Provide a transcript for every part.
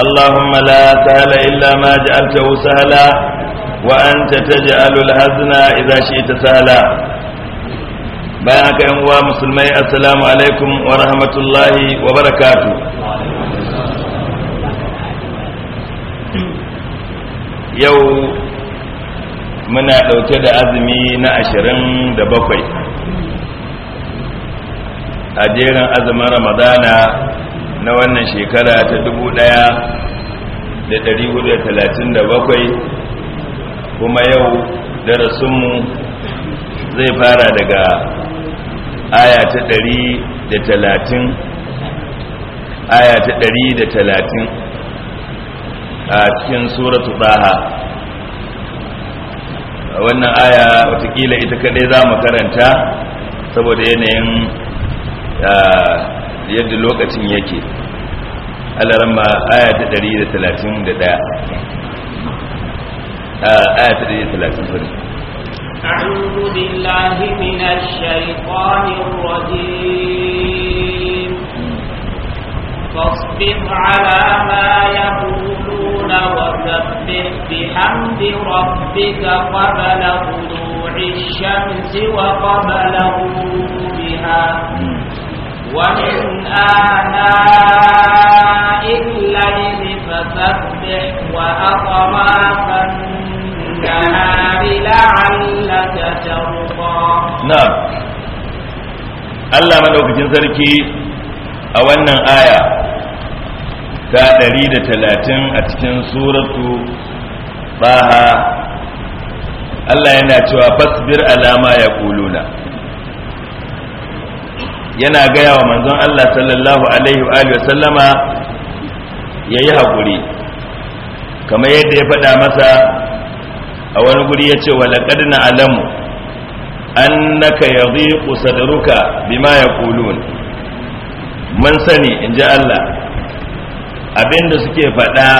اللهم لا سهل إلا ما جعلته سهلا وأنت تجعل الحزن إذا شئت سهلا بيانك أنواع مسلمي السلام عليكم ورحمة الله وبركاته يو muna ɗauke da azumi na ashirin da bakwai a jerin azumin ramadana na wannan shekara ta dubu ɗaya da da talatin da bakwai, kuma yau darasinmu zai fara daga aya ta ɗari da talatin, aya ta ɗari da talatin a cikin suratu baha wannan aya watakila ita kadai za mu karanta saboda yanayin ah, yadda lokacin yake alarama aya ta 131 aya ta 130 أعوذ بالله من الشيطان الرجيم فاصبر على ما يقولون وسبح بحمد ربك قبل طلوع الشمس وقبل غروبها ومن آناء الليل فسبح وأطراف النهار لعلك ترضى نعم Allah madaukakin sarki a wannan aya ta 130 a cikin suratu baha Allah yana cewa fasbir alama ya kuluna yana gaya wa manzon Allah sallallahu alaihi wa alihi sallama yayi hakuri kamar yadda ya faɗa masa a wani guri yace wa laqad na'lamu annaka yadhiqu sadruka bima yaqulun mun sani inji Allah abinda suke faɗa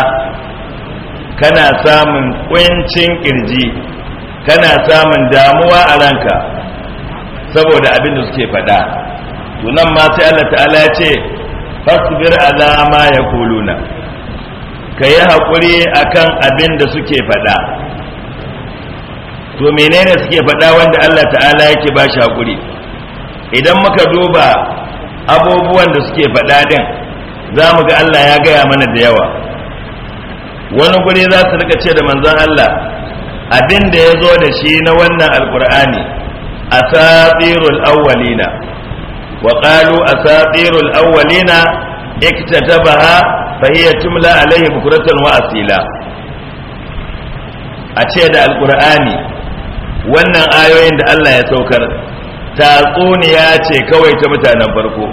kana samun ƙwancin kirji kana samun damuwa a ranka saboda abinda suke faɗa tunan ma sai Allah ta'ala ya ce fasbir ala ma yaquluna kayi hakuri akan abin da suke faɗa to menene suke faɗa wanda Allah ta'ala yake ba shi hakuri idan muka duba abubuwan da suke faɗa din za mu ga Allah ya gaya mana da yawa wani guri za su rika ce da manzon Allah abin da ya zo da shi na wannan alkur'ani a awwalina Waƙalu وقالوا أساطير الأولين اكتتبها فهي تملى عليه بكرة وأصيلا أتشهد القرآن wannan ayoyin da Allah ya saukar tatsuniya ce kawai ta mutanen farko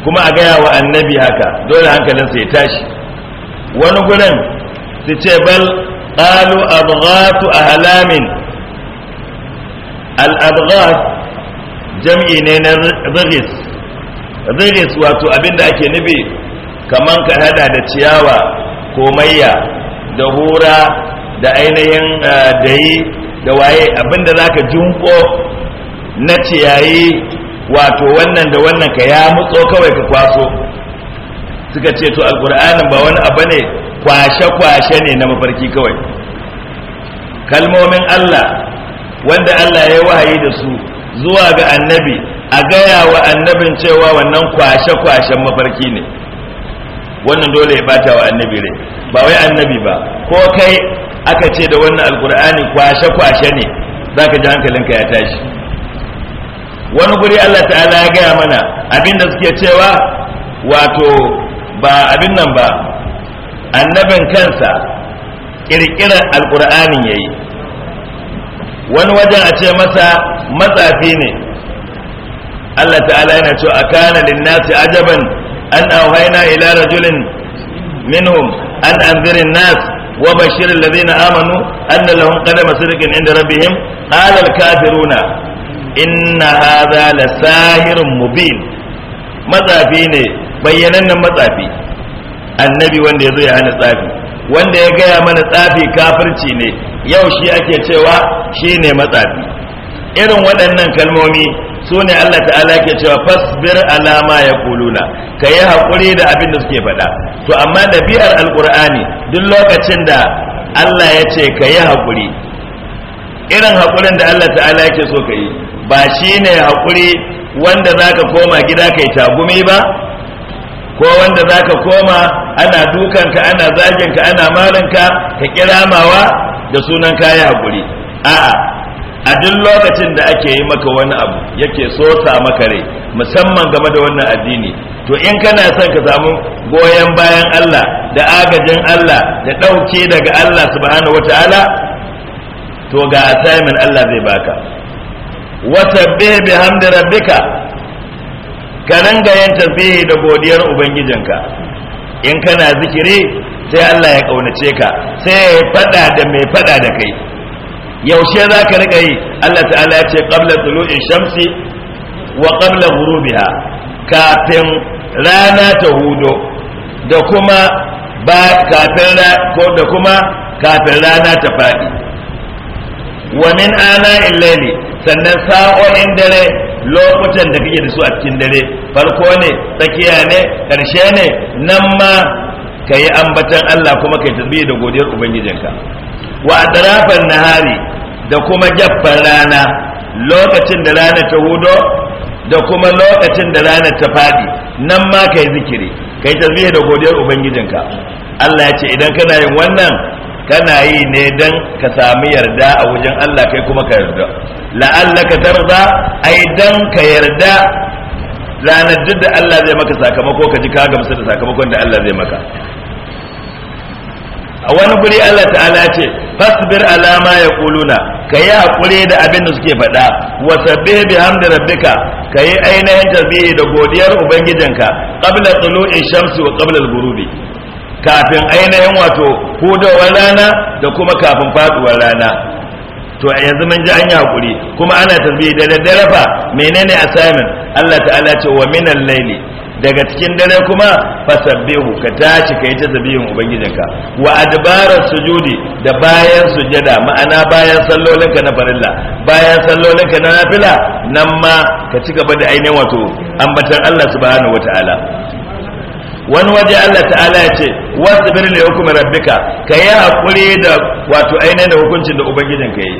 kuma a gaya wa annabi haka dole hankalinsa ya tashi wani gurin su ce bal qalu abghatu ahlamin al abghath jam'i ne na ziris ziris wato abin da ake nufi kaman ka hada da ciyawa komaiya da hura da ainihin eh, dayi da waye abin da za ka junko na ciyayi wato wannan da wannan ka ya mutso kawai ka kwaso suka ce to alkur'anin ba wani abu ne kwashe-kwashe ne na mafarki kawai kalmomin allah wanda allah ya wahayi da su zuwa ga annabi a gaya wa annabin cewa wannan kwashe-kwashen mafarki ne wannan dole ya bata wa annabi rai ba wai annabi ba ko kai aka ce da wannan alkur'ani kwashe-kwashe ne za ka ji hankalinka ya tashi wani guri allah ta'ala ya gaya mana abinda suke cewa wato ba abin nan ba annabin kansa ƙirƙirar alkur'anin ya yi wani wajen a ce masa matsafi ne Allah ta'ala yana cewa akana linnasi ajaban an auhaina ila rajulin minhum an anzirin nas wa bashirin ladina amanu anna lahum qadama sidqin inda rabbihim qala al-kafiruna inna hadha lasahirun mubin matsafi ne bayyanannan matsafi annabi wanda yazo ya hana tsafi wanda ya gaya mana tsafi kafirci ne yau shi ake cewa shi ne matsafi irin waɗannan kalmomi su ne Allah ta'ala ke cewa fasbir alama ya kuluna ka yi haƙuri da abin da suke faɗa to amma ɗabi'ar alƙur'ani duk lokacin da Allah ya ce ka yi haƙuri irin haƙurin da Allah ta'ala ke so ka yi ba shi ne haƙuri wanda za ka koma gida ka yi tagumi ba ko wanda za ka koma ana dukanka ana zaginka ana marinka ka kiramawa da sunan kayi hakuri a'a a duk lokacin da ake yi maka wani abu yake sosa maka rai musamman game da wannan addini to in kana son ka samu goyon bayan Allah da agajin Allah da ɗauke daga Allah subhanahu wataala to ga assignment Allah zai baka wasabbih bihamdi rabbika ka ranga yin tasbihi da godiyar ubangijinka in kana zikiri sai Allah ya kaunace ka sai ya fada da mai fada da kai yaushe za ka riƙa yi Allah ta'ala ya ce qabla tulu'i shamsi wa qabla ghurubiha kafin rana ta hudo da kuma ba kafin ko da kuma kafin rana ta faɗi. wa min ana illaili sannan sa'o'in dare lokutan da kake da su a cikin dare farko ne tsakiya ne karshe ne nan ma ka yi ambatan Allah kuma ka yi tasbihi da godiyar ubangijinka wa adrafan nahari da kuma jaffan rana lokacin da rana ta hudo da kuma lokacin da rana ta fadi nan ma ka yi zikiri ka yi tasbihi da godiyar ubangijinka Allah ya ce idan kana yin wannan kana yi ne don ka sami yarda a wajen Allah kai kuma ka yarda la'allaka tarda ai dan ka yarda ranar duk da Allah zai maka sakamako ka ji ka gamsu da sakamakon da Allah zai maka a wani guri Allah ta'ala ce fasbir ala ma yaquluna kayi hakuri da abin da suke faɗa wa sabbih bihamdi rabbika kayi ainihin tasbihi da godiyar ubangijinka qabla tulu'i shamsi wa qabla al-ghurubi kafin ainihin wato hudawar rana da kuma kafin faduwar rana to a yanzu mun ji an yi hakuri kuma ana tarbiyya da daddare fa menene assignment Allah ta'ala ce wa minal layli daga cikin dare kuma fasabbihu ka tashi kai tasbihin ubangijinka wa adbara sujudi da bayan sujada ma'ana bayan sallolinka na farilla bayan sallolinka na nafila nan ma ka ci gaba da ainihin wato ambatan Allah subhanahu wataala wani waje Allah ta'ala ya ce wasu wasbir li hukmi rabbika yi haƙuri da wato ainihin da hukuncin da ubangijin ka yi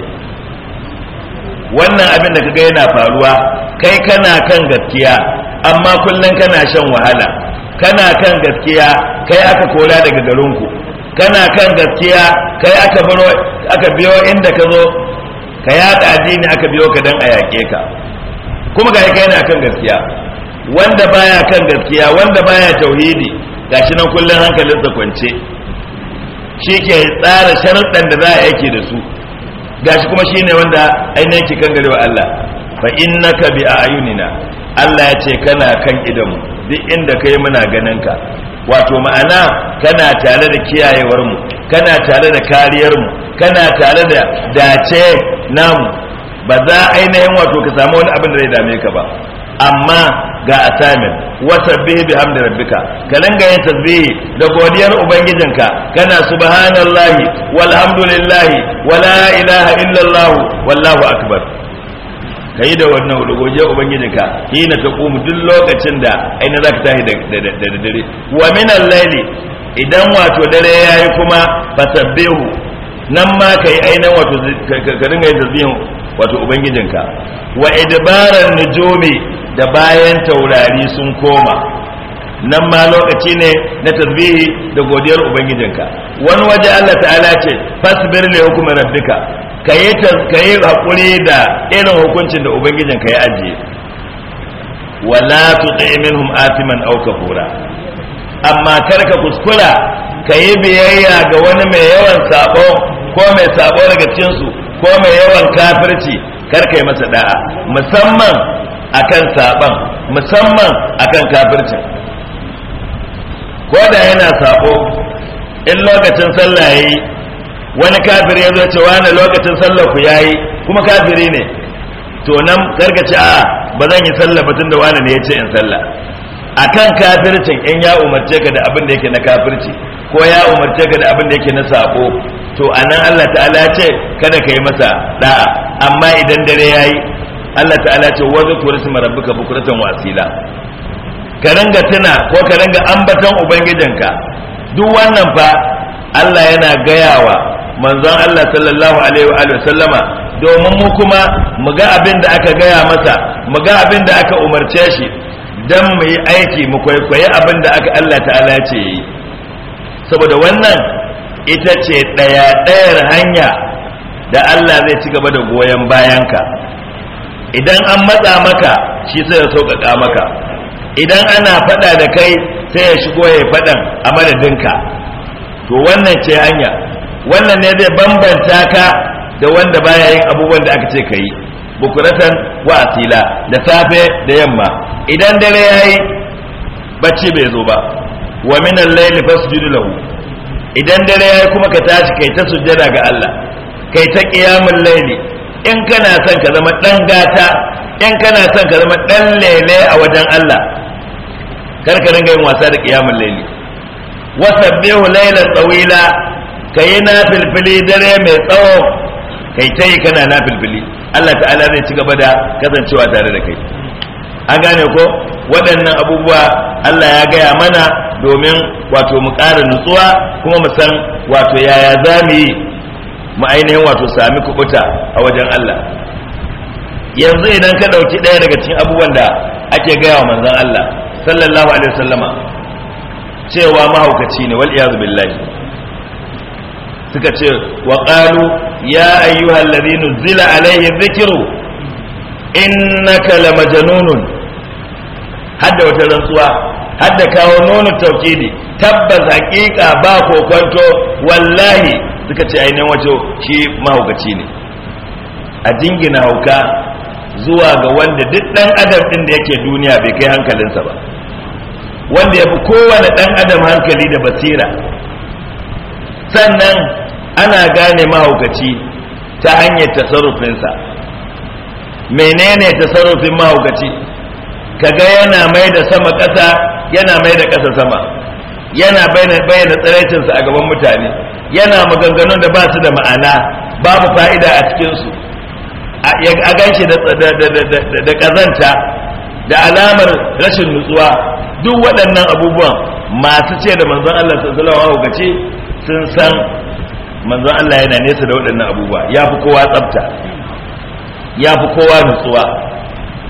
wannan abin da kaga yana faruwa kai kana kan gaskiya amma kullum kana shan wahala kana kan gaskiya kai aka kola daga garinku kana kan gaskiya kai aka aka biyo inda ka zo ka yaɗa addini aka biyo ka dan a yaƙe ka kuma ga kai kana kan gaskiya wanda baya kan gaskiya wanda baya tauhidi gashi nan kullun sa kwance shi ke tsara sharuɗan da za a yake da su gashi kuma shine wanda ainihin ki kan garewa Allah fa innaka bi ayunina Allah ya ce kana kan idan duk inda kai muna ganin ka wato ma'ana kana tare da kiyayewar mu kana tare da kariyar mu kana tare da dace namu ba za ainihin wato ka samu wani abin da zai dame ka ba amma ga assignment wasabbih bihamdi rabbika ka dinga yin tasbihi da godiyar ubangijinka kana subhanallahi walhamdulillahi wala ilaha illallah wallahu akbar kai da wannan rugojiyar ubangijinka hina taqumu duk lokacin da aina zaka tashi da dare wa min al laili idan wato dare yayi kuma fasabbihu nan ma kai aina wato ka dinga yin tasbihin wato ubangijinka wa idbaran nujumi da bayan taurari sun koma nan ma lokaci ne na tasbihi da godiyar ubangijinka wani waje Allah ta'ala ce fasbir li hukmi rabbika kayi kayi hakuri da irin hukuncin da ubangijinka ya ajiye wala tuti minhum atiman aw kafura amma karka kuskura kayi biyayya ga wani mai yawan sabo ko mai sabo daga cikin su ko mai yawan kafirci karka yi masa da'a musamman akan saban musamman akan kafircin ko da yana saƙo, in lokacin sallah yayi wani kafiri ya zo ce wani lokacin sallah ku yayi kuma kafiri ne to nan gargace a ba zan yi sallah batun da wani ne ya ce in sallah akan kafircin in ya umarce ka da abin da yake na kafirci ko ya umarce ka da abin da yake na saƙo, to anan Allah ta'ala ce kada ka yi masa da'a amma idan dare yayi Allah ta'ala ce wa zikru isma rabbika bukratan wa asila ka ranga tuna ko ka ranga ambatan ubangijinka duk wannan fa Allah yana gayawa manzon Allah sallallahu alaihi wa sallama domin mu kuma mu ga abin da aka gaya masa mu ga abin da aka umarce shi dan mu yi aiki mu kwaikwayi abin da aka Allah ta'ala ce yi saboda wannan ita ce ɗaya ɗayar hanya da Allah zai ci gaba da goyon bayanka idan an matsa maka shi sai ya sauƙaƙa maka idan ana faɗa da kai sai ya shigo ya faɗan a madadinka to wannan ce hanya wannan ne zai bambanta ka da wanda baya yin abubuwan da aka ce ka yi bukuratan wa asila da safe da yamma idan dare ya yi bacci bai zo ba wa minan laili fasjudu lahu idan dare ya yi kuma ka tashi kai ta sujjada ga Allah kai ta qiyamul laili in kana son ka zama dan gata in kana son ka zama dan lele a wajen Allah kar ka dinga yin wasa da kiyamul laili wasabbihu laylan tawila kai na filfili dare mai tsawo kai ta kana na Allah ta'ala zai ci gaba da kasancewa tare da kai an gane ko waɗannan abubuwa Allah ya gaya mana domin wato mu ƙara nutsuwa kuma mu san wato yaya za mu yi mu wato sami kubuta a wajen Allah yanzu idan ka ɗauki ɗaya daga cikin abubuwan da ake gaya wa manzon Allah sallallahu alaihi wasallama cewa mahaukaci ne wal iyazu billahi suka ce wa qalu ya ayyuhal ladhina zila alaihi dhikru innaka lamajnunun hadda wata rantsuwa hadda kawo nono tauhidi tabbas haƙiƙa ba kokwanto wallahi suka ce ainihin wato shi mahaukaci ne a jingina hauka zuwa ga wanda duk dan adam din da yake duniya bai kai hankalinsa ba wanda ya fi kowane dan adam hankali da basira sannan ana gane mahaukaci ta hanyar tasarrufinsa menene tasarrufin mahaukaci kaga yana mai da sama ƙasa yana mai da ƙasa sama yana bayyana tsiraicinsa a gaban mutane yana maganganun da ba su da ma'ana babu fa'ida a cikinsu a ganshi da ƙazanta da alamar rashin nutsuwa duk waɗannan abubuwan masu ce da manzon Allah sallallahu alaihi ce sun san manzon Allah yana nesa da waɗannan abubuwa ya fi kowa tsafta ya fi kowa nutsuwa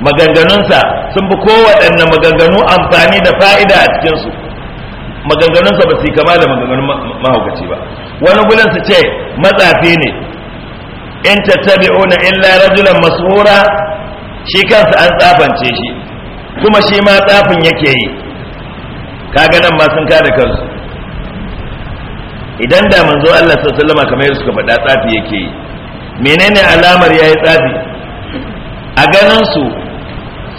maganganunsa sun fi kowaɗanne maganganu amfani da fa'ida a cikinsu maganganunsa ba su kama da maganganun mahaukaci ba wani gulan su ce matsafi ne in tattabi'una illa rajulan masura shi kansa an tsafance shi kuma shi ma tsafin yake yi kaga nan ma sun kada kansu idan da manzo Allah sallallahu alaihi kamar suka faɗa tsafi yake yi menene alamar yayi tsafi a ganin su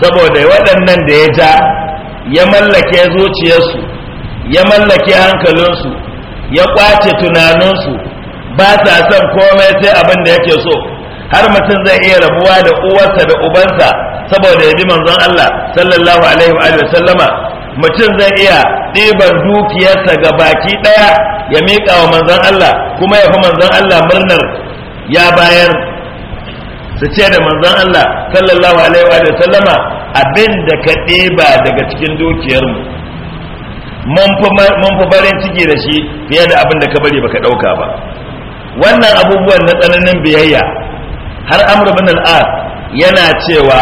saboda waɗannan da ya ja ya mallake zuciyarsu ya mallake hankalinsu ya kwace tunaninsu ba sa son komai sai abin da yake so har mutum zai iya rabuwa da uwarsa da ubansa saboda ya bi manzon Allah sallallahu alaihi wa sallama mutum zai iya ɗiban dukiyarsa ga baki ɗaya ya miƙa wa manzon Allah kuma ya fi manzon Allah murnar ya bayar su ce da manzon Allah sallallahu alaihi wa sallama abin da ka ɗiba daga cikin dukiyarmu mun fi farin ciki da shi fiye da abin da ka bari baka ɗauka ba wannan abubuwan na tsananin biyayya har amr bin al-as yana cewa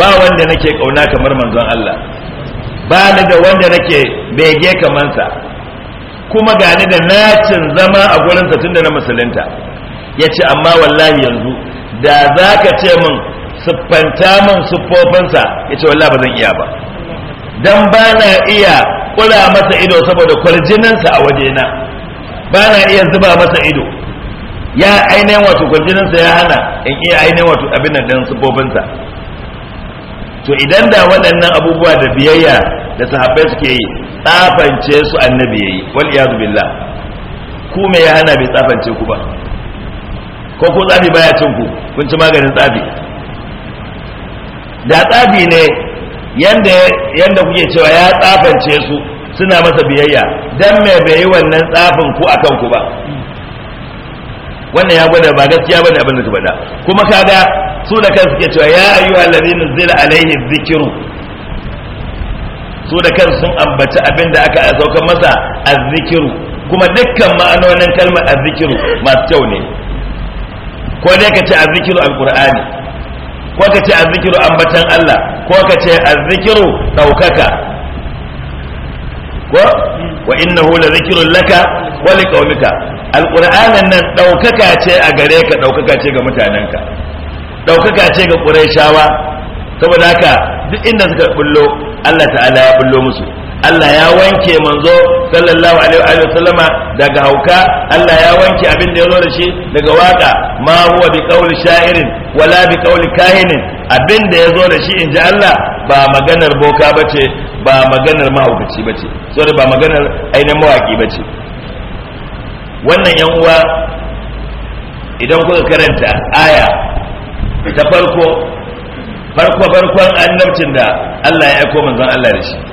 ba wanda nake kauna kamar manzon Allah ba ni da wanda nake bege kamar sa kuma gani da nacin zama a gurin sa tunda na musulunta yace amma wallahi yanzu da zaka ce min siffanta min sa yace wallahi ba zan iya ba dan ba na iya kula masa ido saboda kwarjininsa a wajena ba na iya zuba masa ido ya ainihin wato kwarjininsa ya hana in iya ainihin wato abin nan sufofinsa to idan da waɗannan abubuwa da biyayya da sahabbai suke yi tsafance su annabi yayi wal iyadu billah ku me ya hana bai tsafance ku ba ko ko tsafi baya cin ku kun ci maganin tsafi da tsafi ne yanda kuke cewa ya tsafance su suna masa biyayya dan me bai yi wannan tsafin ku akan ku ba wannan ya gwada ba gaskiya bane abin da ta faɗa kuma kaga su da kansu ke cewa ya ayyuhal ladina zila alaihi dhikru su da kansu sun ambaci abin da aka sauka masa azzikiru kuma dukkan ma'anonin kalmar azzikiru masu kyau ne ko dai ka ce azzikiru alqur'ani ko ka ce azzikiru ambatan Allah ko ka ce azzikiru daukaka ko wa innahu la zikrun laka wa liqaumika alquranan nan daukaka ce a gare ka daukaka ce ga mutanenka daukaka ce ga quraishawa saboda haka duk inda suka bullo Allah ta'ala ya bullo musu Allah ya wanke manzo sallallahu alaihi wa sallama daga hauka Allah ya wanke abin da ya zo da shi daga waka ma huwa bi qauli sha'irin wala bi qauli kahinin abin da ya zo da shi inji Allah ba maganar boka bace ba maganar mahaukaci bace sorry ba maganar ainihin mawaki bace wannan yan uwa idan kuka karanta aya ta farko farko farkon annabcin da Allah ya aiko manzon Allah da shi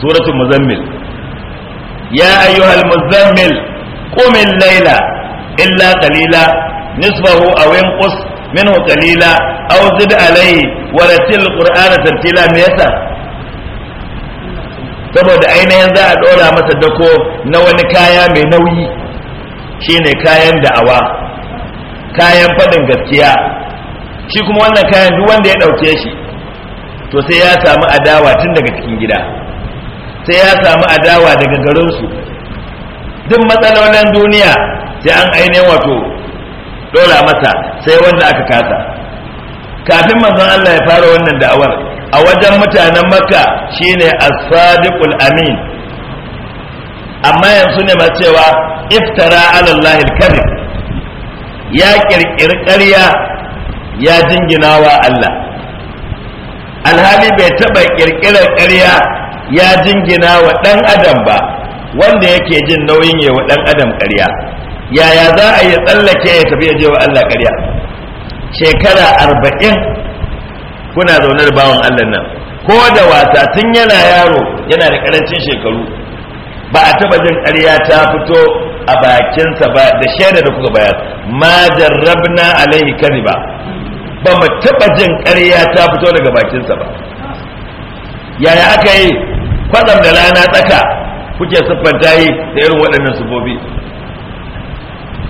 suratul muzammil ya ayyuhal muzammil qum al-laila illa qalila nisfahu aw inqus minhu qalila aw zid alayhi wa ratil qur'ana tartila me yasa saboda ainihin za a dora masa dako na wani kaya mai nauyi shine kayan da'awa kayan fadin gaskiya shi kuma wannan kayan duk wanda ya dauke shi to sai ya samu adawa tun daga cikin gida sai ya samu adawa daga garinsu duk matsalolin duniya sai an ainihin wato dora masa sai wanda aka kasa kafin manzon Allah ya fara wannan da'awar a wajen mutanen makka shine as-sadiqul amin amma yanzu ne ma cewa iftara ala Allah kadhib ya kirkir ƙarya ya jinginawa Allah alhali bai taɓa kirkirar ƙarya ya jingina wa ɗan adam ba wanda yake jin nauyin ya wa ɗan adam ƙarya yaya za a yi tsallake ya tafi ya je wa Allah ƙarya shekara arba'in kuna zaune da bawan Allah nan ko da wasa tun yana yaro yana da ƙarancin shekaru ba a taɓa jin ƙarya ta fito a bakinsa ba da shaida da kuka bayar ma jarrabna alaihi kariba ba mu taɓa jin ƙarya ta fito daga bakinsa ba yaya aka yi kwatsam da rana tsaka kuke siffanta yi da irin waɗannan sufofi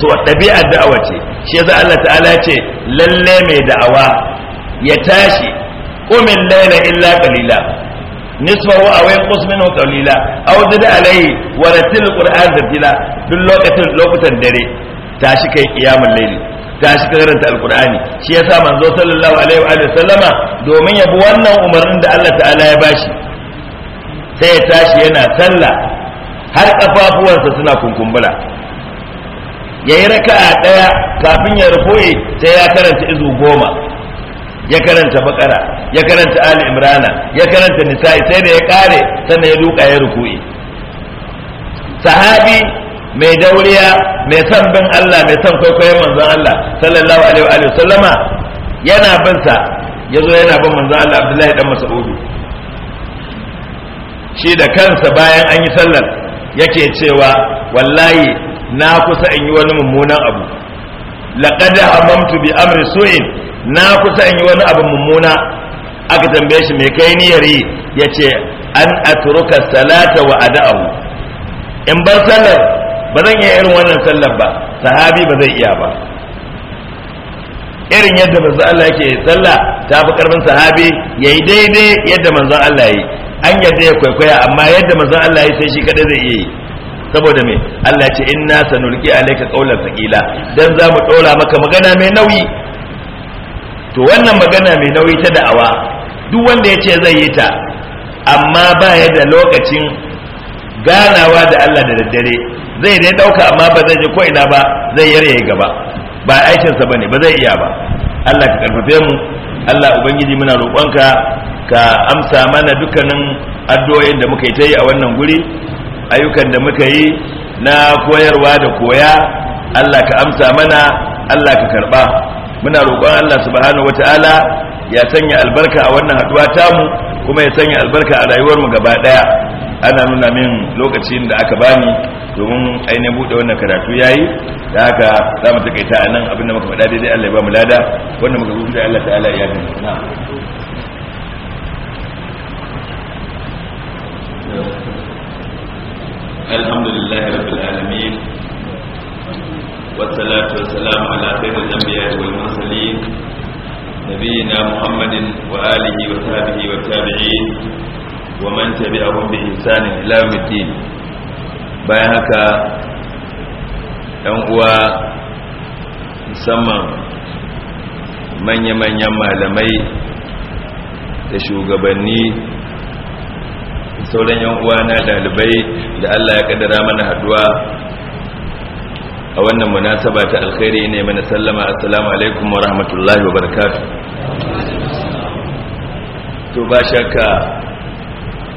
to ɗabi'ar da'awa ce shi yasa Allah ta'ala ce lalle mai da'awa ya tashi umin laila illa qalila nisfahu aw yanqus minhu qalila aw zid alayhi wa ratil qur'an tartila duk lokacin lokutan dare tashi kai qiyamul layli tashi ka karanta alqur'ani shi yasa manzo sallallahu alaihi wa sallama domin yabi wannan umarnin da Allah ta'ala ya bashi sai ya tashi yana sallah har kafafuwansa suna kunkumbula ya yi raka'a ɗaya kafin ya rufoye sai ya karanta izu goma ya karanta bakara ya karanta ali imrana ya karanta nisa'i sai da ya kare sannan ya duka ya ruku'i sahabi mai dauriya mai son bin Allah mai son kwaikwayon manzon Allah sallallahu alaihi wa sallama yana bin sa yazo yana bin manzon Allah Abdullahi dan mas'udu shi da kansa bayan an yi sallar yake cewa wallahi na kusa in yi wani mummunan abu laqad hamamtu bi amri su'in na kusa in yi wani abu mummuna aka tambaye shi me kai niyyar yi yace an atruka salata wa ada'u in bar sallar ba zan iya irin wannan sallar ba sahabi ba zai iya ba irin yadda manzo Allah yake sallah ta fi karfin sahabi yayi daidai yadda manzo Allah yi an yadda ya kwaikwaya amma yadda maza Allah ya sai shi kada zai iya yi saboda me Allah ya ce inna sanulqi alayka qawlan thaqila dan za mu dora maka magana mai nauyi to wannan magana mai nauyi ta da'awa duk wanda ya ce zai yi ta amma ba ya da lokacin ganawa da Allah da daddare zai dai ɗauka, amma ba zai je ko ina ba zai yare gaba ba aikinsa bane ba zai iya ba Allah ka karfafe mu Allah ubangiji muna roƙonka ka amsa mana dukkanin addu'o'in da muka yi ta yi a wannan guri ayyukan da muka yi na koyarwa da koya Allah ka amsa mana Allah ka karba muna roƙon Allah subhanahu wataala ya sanya albarka a wannan haduwa mu kuma ya sanya albarka a rayuwar mu gaba daya ana nuna min lokacin da aka bani domin ainihin buɗe wannan karatu yayi da haka za mu takaita a nan abinda muka faɗa daidai Allah ya ba mu lada wanda muka zuci Allah ta'ala ya bi na'am الحمد لله رب العالمين والصلاة والسلام على خير الأنبياء والمرسلين نبينا محمد وآله وصحبه والتابعين ومن تبعهم بإحسان إلى يوم الدين bayan haka ‘yan uwa musamman manya-manyan malamai da shugabanni sauran yan uwana dalibai da Allah ya kaddara mana haduwa a wannan munasaba ta alkhairi ne mana sallama assalamu alaikum wa rahmatullahi wa barakatuh to ba shakka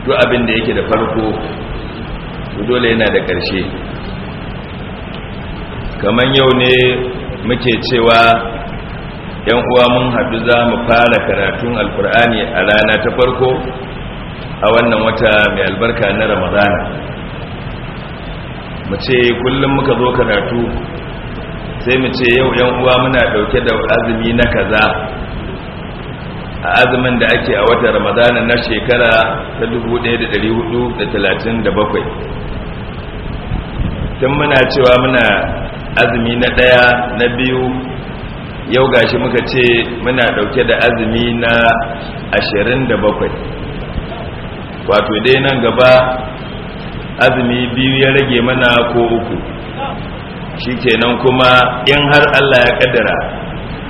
duk abin da yake da farko dole yana da ƙarshe kamar yau ne muke cewa yan uwa mun haɗu za mu fara karatun alkur'ani a rana ta farko a wannan wata mai albarka na ramadana mu kullum muka zo karatu sai mu ce yau yan uwa muna dauke da azumi na kaza a azumin da ake a watan ramadana na shekara ta 1437 tun muna cewa muna azumi na ɗaya na biyu yau gashi muka ce muna dauke da azumi na da 27 wato dai nan gaba azumi biyu ya rage mana ko uku shikenan kuma in har Allah ya kaddara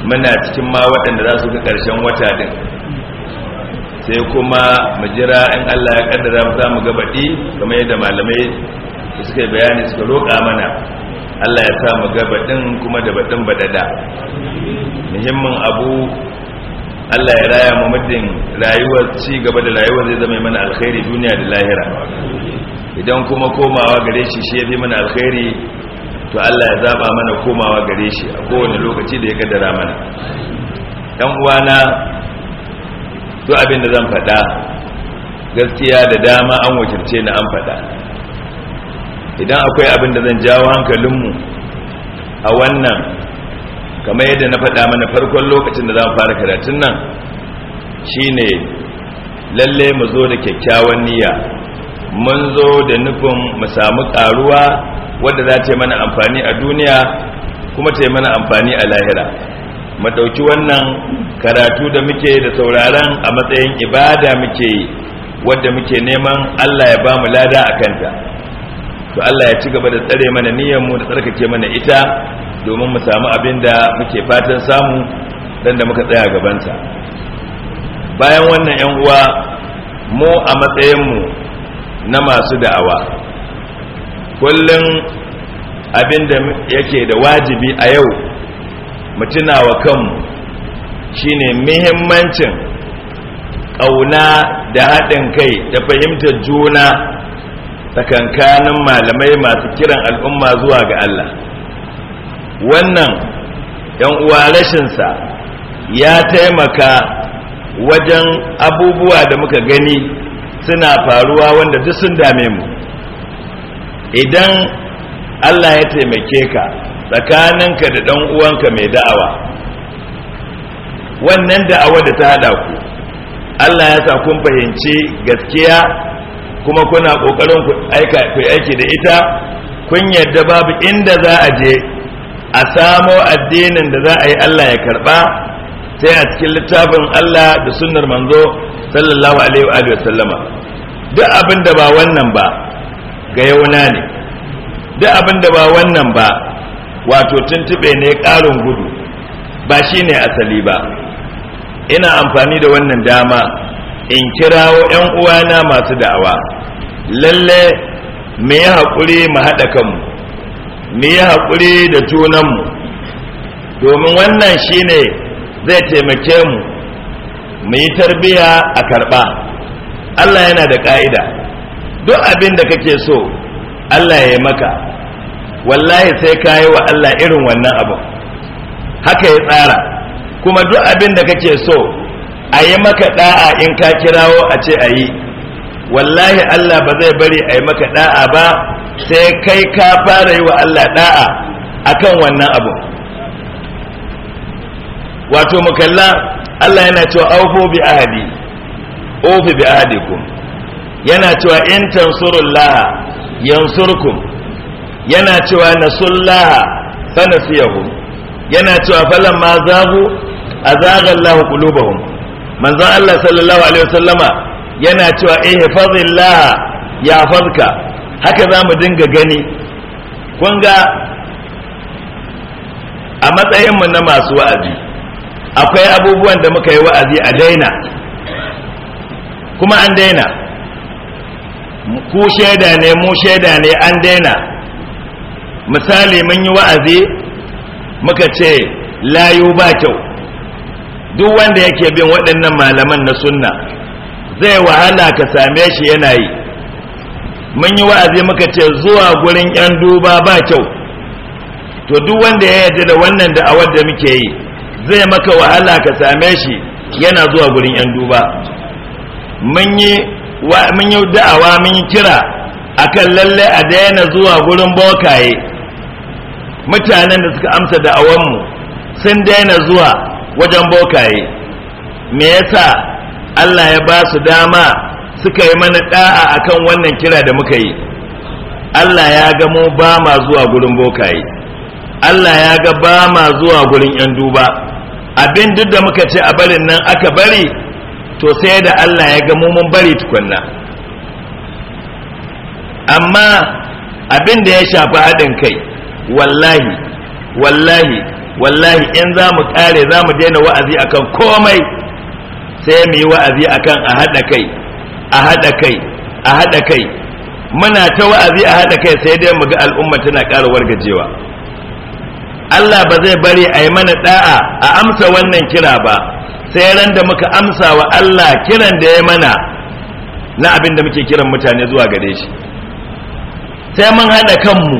muna cikin ma waɗanda za su ga ƙarshen wata din sai kuma mu jira in Allah ya kaddara za mu gabaɗi kamar yadda malamai da suka bayani suka roƙa mana Allah ya sa mu gabaɗin kuma da baɗin baɗaɗa muhimmin abu Allah ya raya mu mutum rayuwar ci gaba da rayuwar zai zama mana alkhairi duniya da lahira idan kuma komawa gare shi shi fi mana alkhairi to Allah ya zaba mana komawa gare shi a kowane lokaci da ya kaddara mana dan uwana to abin da zan faɗa gaskiya da dama an wakilce ni an faɗa idan akwai abin da zan jawo hankalinmu a wannan kamar yadda na faɗa mana farkon lokacin da za mu fara karatun nan shine lalle mu zo da kyakkyawan niyya mun zo da nufin mu samu ƙaruwa wadda za ta yi mana amfani a duniya kuma ta yi mana amfani a lahira mu ɗauki wannan karatu da muke da sauraron a matsayin ibada muke yi wadda muke neman allah ya ba mu lada a kanta to allah ya ci gaba da tsare mana niyyar mu da tsarkake mana ita domin mu samu abin da muke fatan samu dan da muka tsaya gabansa bayan wannan yan uwa mu a matsayinmu na masu da'awa kullum abin da yake da wajibi a yau mu tuna wa kanmu shine muhimmancin ƙauna da haɗin kai da fahimtar juna tsakankanin malamai masu kiran al'umma zuwa ga Allah wannan yan uwa rashinsa ya taimaka wajen abubuwa da muka gani suna faruwa wanda duk sun dame mu idan Allah ya taimake ka tsakaninka da ɗan uwanka mai da'awa wannan da'awa da ta haɗa ku Allah ya sa kun fahimci gaskiya kuma kuna ƙoƙarin ku aiki da ita kun yarda babu inda za a je a samo addinin da za a yi Allah ya karba sai a cikin littafin Allah da sunnar manzo sallallahu alaihi wa sallama duk abin da ba wannan ba ga yauna ne duk abin da ba wannan ba wato tuntube ne ƙarin gudu ba shine asali ba ina amfani da wannan dama in kirawo 'yan uwana masu da'awa lalle me ya haƙuri mu haɗa kanmu mu yi haƙuri da junanmu domin wannan shine zai taimake mu mu yi tarbiya a karɓa Allah yana da ƙa'ida duk abin da kake so Allah ya yi maka wallahi sai ka yi wa Allah irin wannan abu haka ya tsara kuma duk abin da kake so a yi maka ɗa'a in ka kirawo a ce a yi wallahi Allah ba zai bari a yi maka ɗa'a ba sai kai ka fara yi wa Allah da'a akan wannan abu wato mukalla Allah yana cewa aufu bi ahadi ofi bi ahadikum yana cewa in tansurullaha yansurkum yana cewa nasullaha fanasiyahum yana cewa falamma zagu azaga Allah qulubahum manzo Allah sallallahu alaihi wasallama yana cewa ya yahfazka haka za mu dinga gani kun ga a matsayinmu na masu wa'azi akwai abubuwan da muka yi wa'azi a daina kuma an daina ku shaida ne mu shaida ne an daina misali mun yi wa'azi muka ce layu ba kyau duk wanda yake bin waɗannan malaman na sunna zai wahala ka same shi yana yi mun yi wa'azi muka ce zuwa gurin yan duba ba kyau to duk wanda ya yarda da wannan awar da muke yi zai maka wahala ka same shi yana zuwa gurin yan duba mun yi mun yi da'awa mun yi kira akan lalle a daina zuwa gurin bokaye mutanen da suka amsa mu sun daina zuwa wajen bokaye me yasa Allah ya ba su dama suka yi mana da'a akan wannan kira da muka yi Allah ya ga mu ba ma zuwa gurin bokaye Allah ya ga ba ma zuwa gurin yan duba abin duk da muka ce a barin nan aka bari to sai da Allah ya ga mu mun bari tukunna amma abin da ya shafi haɗin kai wallahi wallahi wallahi in za mu ƙare za mu daina wa'azi akan komai sai mu yi wa'azi akan a haɗa kai a haɗa kai a haɗa kai muna ta wa'azi a haɗa kai sai dai mu ga al'umma tana ƙara wargajewa Allah ba zai bari a yi mana da'a a amsa wannan kira ba sai ran da muka amsa wa Allah kiran da ya mana na abin da muke kiran mutane zuwa gare shi sai mun haɗa kanmu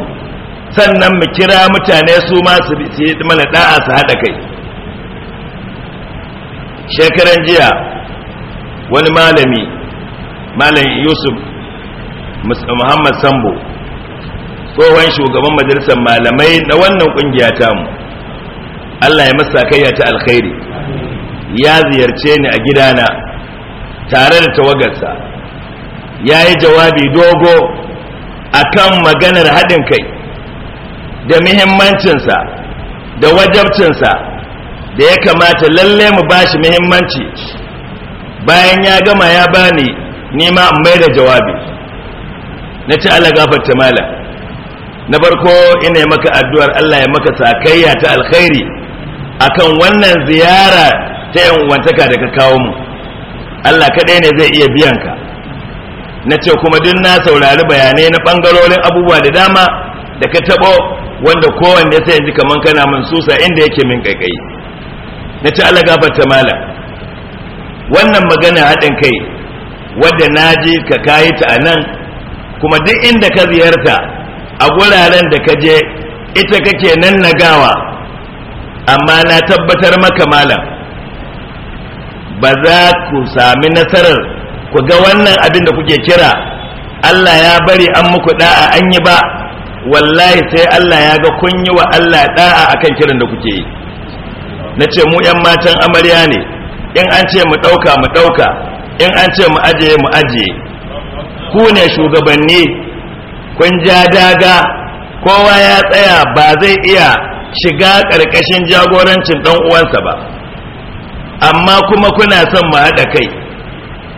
sannan mu kira mutane su ma su yi mana da'a su haɗa kai shekaran jiya wani malami malam yusuf muhammad sambo tsohon shugaban majalisar malamai na wannan kungiya mu, allah ya masa ya ta alkhairi ya ziyarce ni a gidana tare da tawagarsa ya yi jawabi dogo a kan maganar haɗin kai da muhimmancinsa da wajabcinsa da ya kamata lalle mu bashi muhimmanci bayan ya gama ya bani nema in mai da jawabi na ci Allah gafarta mala na farko ina yi maka addu'ar Allah ya maka sakayya ta alkhairi akan wannan ziyara ta yan wantaka da ka kawo mu Allah kaɗai ne zai iya biyan ka na ce kuma duk na saurari bayanai na ɓangarorin abubuwa da dama da ka taɓo wanda kowanne sai yanzu kamar kana min susa inda yake min kai na ci Allah gafarta mala wannan magana haɗin kai wadda na je ka kayi ta a nan kuma duk inda ka ziyarta a guraren da ka je ita kake nan na gawa. amma na tabbatar maka malam ba za ku sami nasarar ku ga wannan abin da kuke kira Allah ya bari an muku da'a an yi ba wallahi sai Allah ya ga kun yi wa Allah da'a akan kiran da kuke yi na ce mu 'yan matan amarya ne in an ce mu ɗauka mu ɗauka in an ce mu ajiye mu ajiye ku ne shugabanni kun ja daga kowa ya tsaya ba zai iya shiga ƙarƙashin jagorancin ɗan uwansa ba amma kuma kuna son mu haɗa kai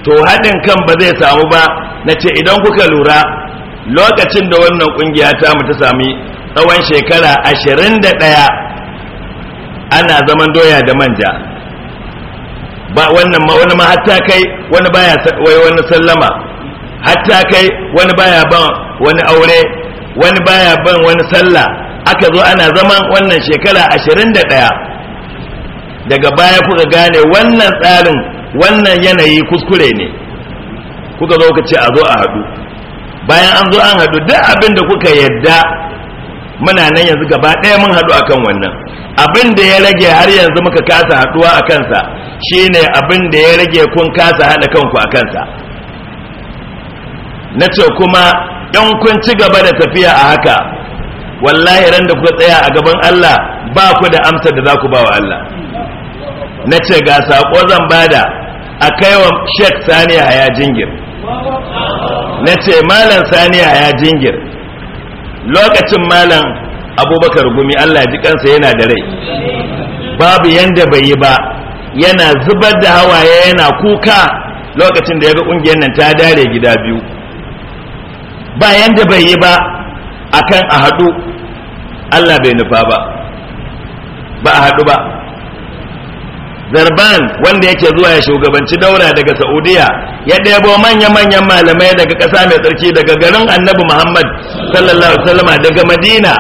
to haɗin kan ba zai samu ba na ce idan kuka lura lokacin da wannan ƙungiya ta mu ta sami tsawon shekara ashirin da ɗaya ana zaman doya da manja ba wannan ma wani ma hatta kai wani baya wai wani sallama hatta kai wani baya ban wani aure wani baya ban wani sallah aka zo ana zaman wannan shekara ashirin da ɗaya daga baya kuka gane wannan tsarin wannan yanayi kuskure ne kuka zo kuka ce a zo a hadu bayan an zo an hadu duk abin da kuka yadda muna nan yanzu gaba ɗaya mun haɗu akan wannan abin da ya rage har yanzu muka kasa haɗuwa a kansa shine abin da ya rage kun kasa haɗa kanku a kansa na ce kuma ɗan kun ci gaba da tafiya a haka wallahi ran da kuka tsaya a gaban Allah ba ku da amsar da za ku ba wa Allah na ce ga sako zan bada a kai wa Sheikh Saniya ya Jingir na ce Malam Saniya ya Jingir lokacin malam abubakar gumi allah ji kansa yana da rai babu yanda bai yi ba yana zubar da hawaye yana kuka lokacin da ya ga ƙungiyar nan ta dare gida biyu ba yanda bai yi ba akan a haɗu allah bai nufa ba ba a haɗu ba zarban wanda yake zuwa ya shugabanci daura daga saudiya ya ɗebo manya-manyan malamai daga ƙasa mai tsarki daga garin annabi muhammad sallallahu alaihi wasallama daga madina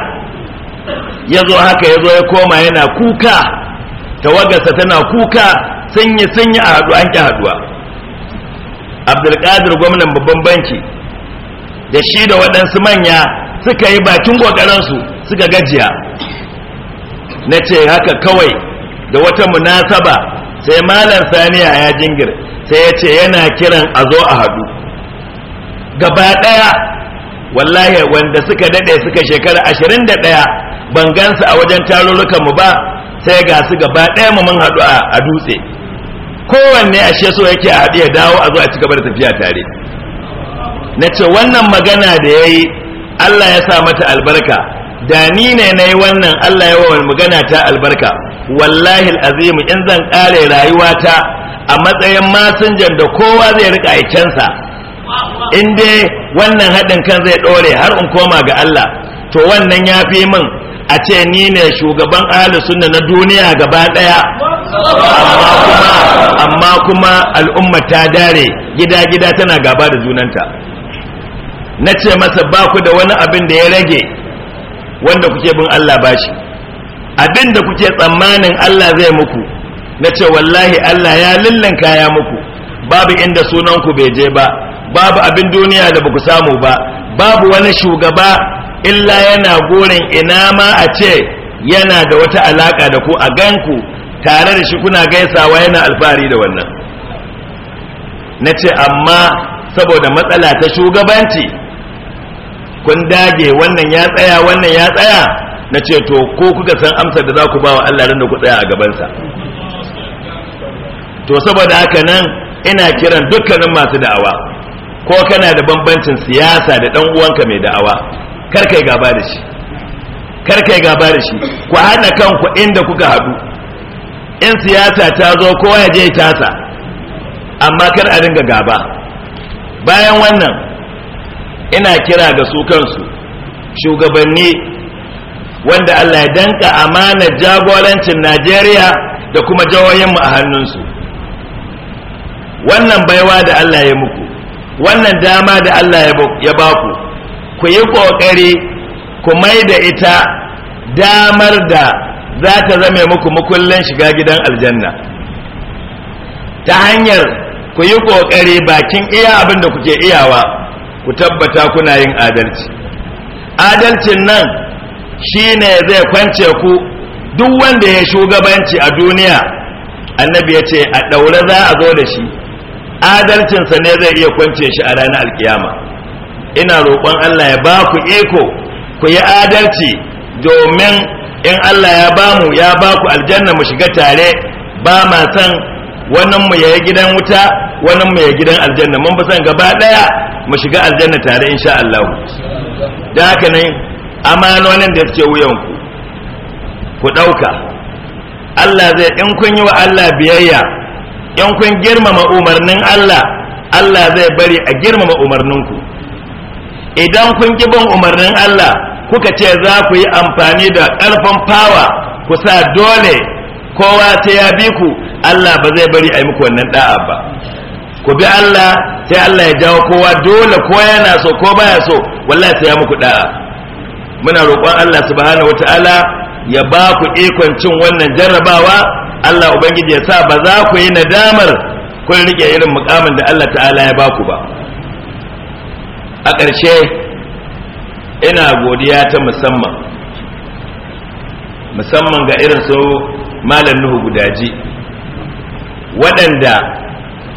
ya zo haka ya zo ya koma yana kuka tawagarsa tana kuka sun yi sun yi a haɗu an haɗuwa abdulkadir gwamnan babban banki da shi da waɗansu manya suka yi bakin ƙoƙarinsu suka gajiya na ce haka kawai da wata munasaba sai malam saniya ya jingir sai ya ce yana kiran a zo a haɗu gaba ɗaya wallahi wanda suka daɗe suka shekara ashirin da ɗaya ban gansu a wajen tarurrukan mu ba sai ga su gaba ɗaya mu mun haɗu a dutse kowanne ashe so yake a haɗu ya dawo a zo a ci da tafiya tare na ce wannan magana da ya yi allah ya sa mata albarka da ni ne na yi wannan Allah ya wa magana ta albarka wallahi azimu in zan kare rayuwata a matsayin masinjan da kowa zai rika aikensa in dai wannan haɗin kan zai ɗore har in koma ga Allah to wannan ya fi min a ce ni ne shugaban ahli sunna na duniya gaba ɗaya amma kuma al'umma ta dare gida-gida tana gaba da junanta na ce masa ba ku da wani abin da ya rage wanda kuke bin Allah bashi abin da kuke tsammanin Allah zai muku na ce wallahi Allah ya lillan kaya muku babu inda sunanku bai je ba babu abin duniya da baku samu ba babu wani shugaba illa yana gorin ina ma a ce yana da wata alaka da ku a ganku tare da shi kuna gaisawa yana alfahari da wannan na ce amma saboda matsala ta shugabanci kun dage wannan ya tsaya wannan ya tsaya na ce to ko kuka san amsar da za ku ba wa Allah ran da ku tsaya a gabansa to saboda haka nan ina kiran dukkanin masu da'awa ko kana da bambancin siyasa da dan uwanka mai da'awa kar kai gaba da shi kar kai gaba da shi ku hana kanku inda kuka haɗu in siyasa ta zo kowa ya je tasa amma kar a dinga gaba bayan wannan ina kira ga su kansu shugabanni wanda Allah ya danka amanar jagorancin Najeriya da kuma jawoyinmu a hannunsu wannan baiwa da Allah ya muku wannan dama da Allah ya baku ku yi ƙoƙari ku mai da ita damar da za ta zame muku mukullin shiga gidan aljanna ta hanyar ku yi ƙoƙari bakin iya abin da kuke iyawa ku tabbata kuna yin adalci adalcin nan shine zai kwance ku duk wanda ya shugabanci a duniya annabi ya ce a ɗaure za a zo da shi adalcinsa ne zai iya kwance shi a ranar alkiyama ina roƙon Allah ya ba ku iko ku yi adalci domin in Allah ya ba mu ya ba ku aljanna mu shiga tare ba ma san wannan mu yayi gidan wuta wannan mu yayi gidan aljanna mun san gaba daya mu shiga aljanna tare insha Allah da haka nan amanonin da suke wuyanku ku dauka Allah zai in kun yi wa Allah biyayya in kun girmama umarnin Allah Allah zai bari a girmama umarnin ku. idan kun ki bin umarnin Allah kuka ce za ku yi amfani da ƙarfin fawa ku sa dole kowa ta ya bi ku Allah ba zai bari a yi muku wannan da'a ba ku bi Allah sai Allah ya jawo kowa dole ko yana so ko baya so wallahi sai ya muku da'a muna roƙon Allah subhanahu wataala ya ba ku ikon cin wannan jarrabawa Allah ubangiji ya sa ba za ku yi nadamar kun rike irin mukamin da Allah ta'ala ya ba ku ba a ƙarshe ina godiya ta musamman musamman ga irin su malam nuhu gudaji waɗanda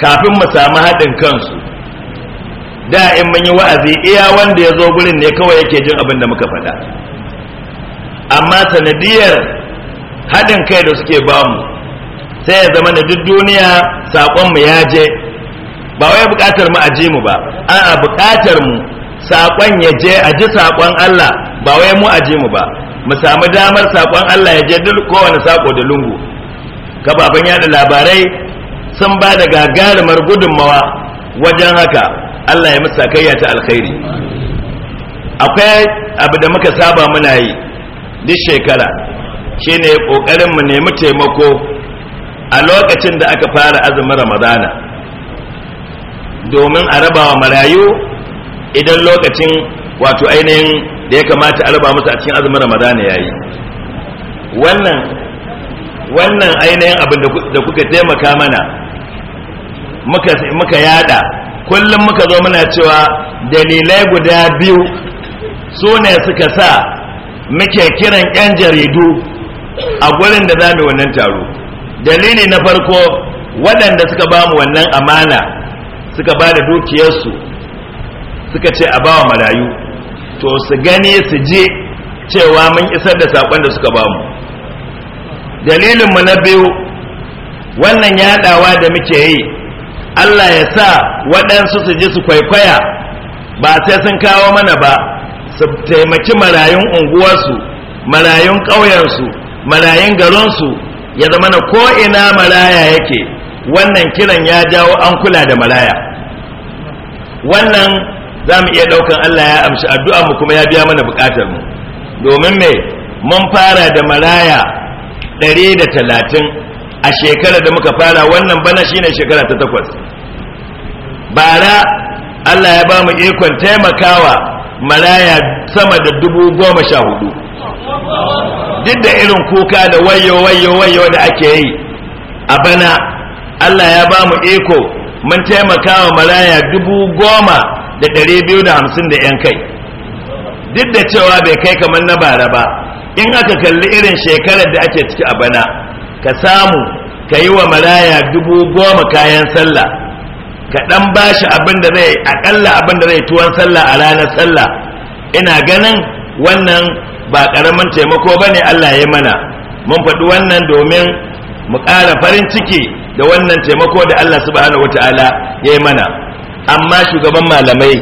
kafin mu samu haɗin kansu da in mun yi wa'azi iya wanda ya zo gurin ne kawai yake jin abin da muka faɗa amma sanadiyar haɗin kai da suke bamu sai ya zama na duk duniya saƙonmu ya je ba wai buƙatar mu aji mu ba a'a buƙatar mu saƙon ya je a ji saƙon Allah ba wai mu a mu ba mu samu damar saƙon Allah ya je duk kowane saƙo da lungu kafafen yada labarai sun ba da gagarumar gudunmawa wajen haka Allah ya musa kayya ta alkhairi akwai abu da muka saba muna yi duk shekara shine kokarin mu nemi taimako a lokacin da aka fara azumin ramadana domin a rabawa marayu idan lokacin wato ainihin da ya kamata a raba musu a cikin azumin ramadana ya yi. wannan ainihin abin da kuka taimaka mana muka muka yada kullum muka zo muna cewa dalilai guda biyu su ne suka sa muke kiran 'yan jaridu a gurin da za mu wannan taro dalili na farko waɗanda suka ba mu wannan amana suka ba da dukiyarsu suka ce a bawa marayu to su gani su je cewa mun isar da saƙon da suka ba mu dalilinmu na biyu wannan yaɗawa da muke yi Allah ya sa waɗansu su je su kwaikwaya ba sai sun kawo mana ba su taimaki marayun unguwarsu marayun ƙauyensu marayun garinsu ya zama na ko'ina maraya yake wannan kiran ya jawo an kula da maraya wannan za mu iya ɗaukan Allah ya amshi addu'a mu kuma ya biya mana buƙatar mu domin mai mun fara da maraya ɗari da talatin a shekarar da muka fara wannan bana shine shekara ta takwas bara Allah ya ba mu ikon taimakawa maraya sama da dubu goma sha hudu duk da irin kuka da wayo wayo wayo da ake yi a bana Allah ya ba mu iko mun taimakawa maraya dubu goma da ɗari biyu da hamsin da 'yan kai duk da cewa bai kai kamar na bara ba in aka kalli irin shekarar da ake ciki a bana ka samu ka yi wa maraya dubu goma kayan sallah ka ɗan ba shi abin da zai aƙalla abin da zai tuwon sallah a ranar sallah ina ganin wannan ba ƙaramin taimako ba ne Allah ya mana mun faɗi wannan domin mu ƙara farin ciki da wannan taimako da Allah subhanahu wata'ala ya yi mana amma shugaban malamai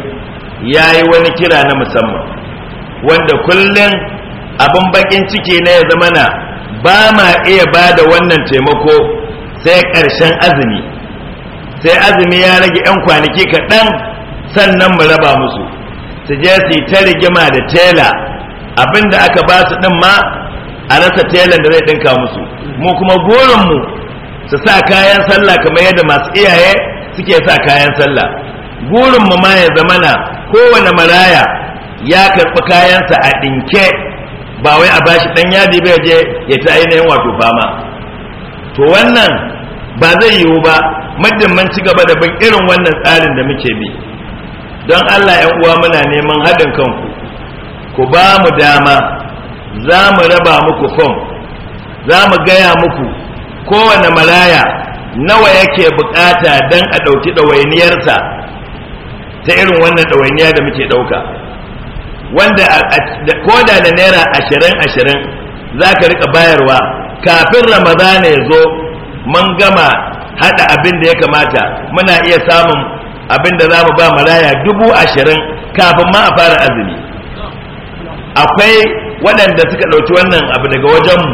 ya yi wani kira na musamman wanda kullum abin baƙin ciki ne ya zama na ba ma iya ba da wannan taimako sai ƙarshen azumi sai azumi ya rage 'yan kwanaki kaɗan sannan mu raba musu su je su yi ta rigima da tela abinda aka ba su ɗin ma a rasa telan da zai ɗinka musu mu kuma burinmu su sa kayan sallah kamar yadda masu iyaye suke sa kayan sallah burinmu ma ya zamana kowane maraya ya karɓi kayansa a ɗinke ba wai a bashi dan yadi ba je ya ta ainihin wato fama to wannan ba zai yiwu ba muddin mun ci gaba da bin irin wannan tsarin da muke bi don Allah ‘yan uwa muna neman haɗin kanku ku ba mu dama za mu raba muku fom za mu gaya muku kowane malaya nawa yake bukata don a ɗauki ɗawainiyarsa ta irin wannan ɗawainiya da muke ɗauka wanda ko da da naira ashirin ashirin za ka rika bayarwa kafin ramadana ya zo mun gama hada abin da ya kamata muna iya samun abin da za mu ba maraya dubu ashirin kafin ma a fara azumi akwai waɗanda suka ɗauki wannan abu daga wajenmu